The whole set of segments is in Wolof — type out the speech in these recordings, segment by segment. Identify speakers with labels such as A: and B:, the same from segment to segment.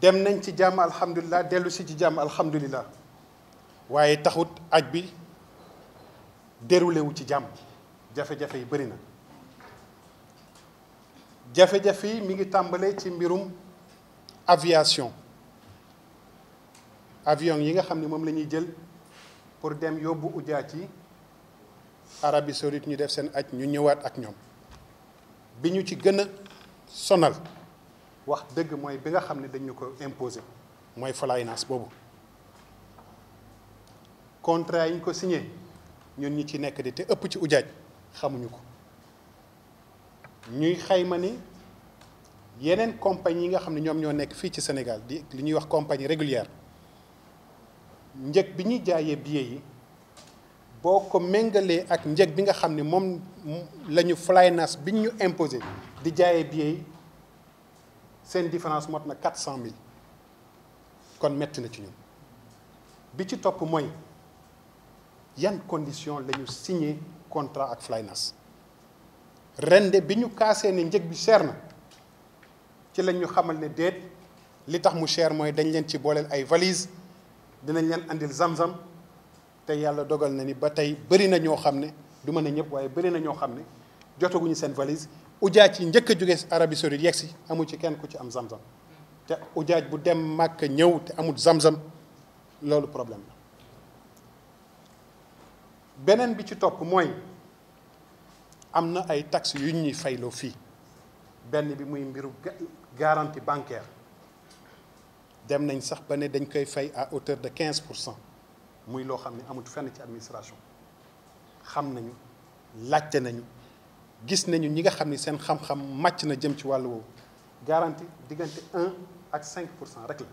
A: dem nañ ci jàmm alhamdulilah dellusi ci jàmm alhamdulilah waaye taxut aj bi déroulé ci jàmm jafe-jafe yi bëri na jafe-jafe yi mi ngi tàmbalee ci mbirum aviation avion yi nga xam ni moom la ñuy jël pour dem yóbbu ujaat yi Arabie Saoudite ñu def seen aj ñu ñëwaat ak ñoom bi ñu ci gën a sonal wax dëgg mooy bi nga xam ne dañu ko imposer mooy Flynas boobu contrat yi ñu ko signe ñun ñi ci nekk di te ëpp ci ujaaj xamuñu ko ñuy xayma ni yeneen compagnie yi nga xam ne ñoom ñoo nekk fii ci senegal di li ñuy wax compagnie régulière njëg bi ñuy jaayee billets yi boo ko méngalee ak njëg bi nga xam ne moom lañu ñu Flynas bi ñu imposé di jaayee billets yi seen différence mot na quatre cent mille kon metti na ci ñun bi ci topp mooy yan condition la ñu signé contrat ak Flynas rende bi ñu kaasee ne njëg bi cher na ci lañ ñu xamal ne déet li tax mu cher mooy dañ leen ci booleel ay valise dinañ leen andil zam-zam te yàlla dogal na ni ba tey bëri na ñoo xam ne du ma ne ñëpp waaye bëri na ñoo xam ne jotaguñu valise ujaaj yi njëkk a jóge Arabie Saoudite yegg si ci kenn ku ci am zamzam zam te ujaaj bu dem makka ñëw te amul zamzam zam loolu problème la beneen bi ci top moy amna ay taxes yu ñuy faylo fi benn bi muy mbiru garantie bancaire dem nañ sax ba ne dañ koy fay à hauteur de 15 muy loo xam ne amut fenn ci administration xam nañu laajte nañu gis nañu ñi nga xam ni seen xam-xam màcc na jëm ci wàllu woowu garanti diggante ak cinq pour cent rek la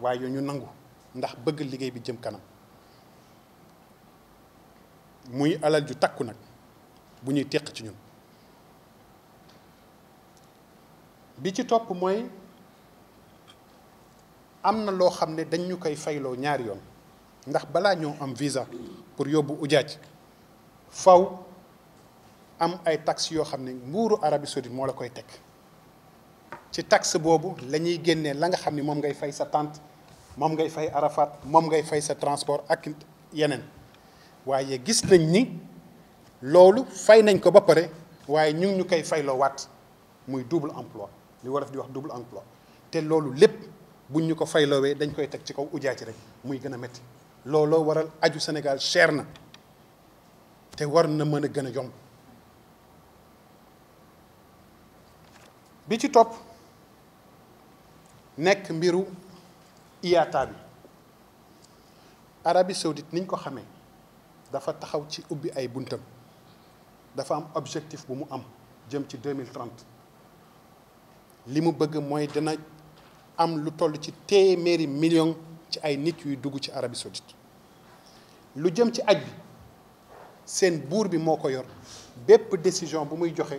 A: waaye yooyu ñu nangu ndax bëgg liggéey bi jëm kanam muy alal ju takku nag bu ñuy teq ci ñun bi ci topp mooy am na loo xam ne dañ ñu koy fayloo ñaari yoon ndax balaa ñoo am visa pour yóbbu ujaaj faw am ay taxes yoo xam ne nguuru Arabie Saoudite moo la koy teg ci taxe boobu lañuy ñuy génnee la nga xam ne moom ngay fay sa tente moom ngay fay Arafat moom ngay fay sa transport ak yeneen waaye gis nañ ni loolu fay nañ ko ba pare waaye ñu ñu koy fayloo waat muy double emploi li wolof di wax double emploi te loolu lépp buñ ñu ko fayloowee dañ koy teg ci kaw ujaa ci rek muy gën a métti looloo waral aju Sénégal cher na te war na mën a gën a yomb bi ci topp nekk mbiru IATA arabi Arabie niñ ko xamee dafa taxaw ci ubbi ay buntam dafa am objectif bu mu am jëm ci deux li mu bëgg mooy dina am lu toll ci téeméeri million ci ay nit yuy dugg ci Arabie Saoudite lu jëm ci aj bi seen buur bi moo ko yor bépp décision bu muy joxe.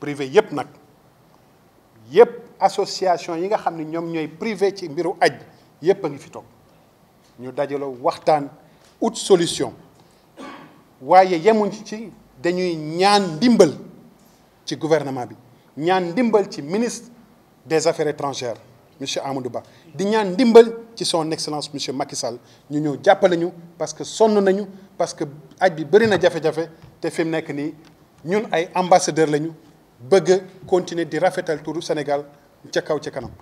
A: privé yépp n'ak, yépp association yi nga xamni ñom ñoy privé ci mbiru aj yépp a ngi fi tok ñu dajaloo waxtaan out solution waye yemuñ ci dañuy ñaan dimbal ci gouvernement bi ñaan dimbal ci ministre des affaires étrangères monsieur Amadou Ba di ñaan dimbal ci son excellence monsieur Macky Sall ñu ñëw jàppale parce que sonn nañu parce que aj bi bëri na jafé jafé te fi mu nekk nii ñun ay ambassadeur lañu bëgg continuer di rafetal turu Sénégal ca kaw ca kanam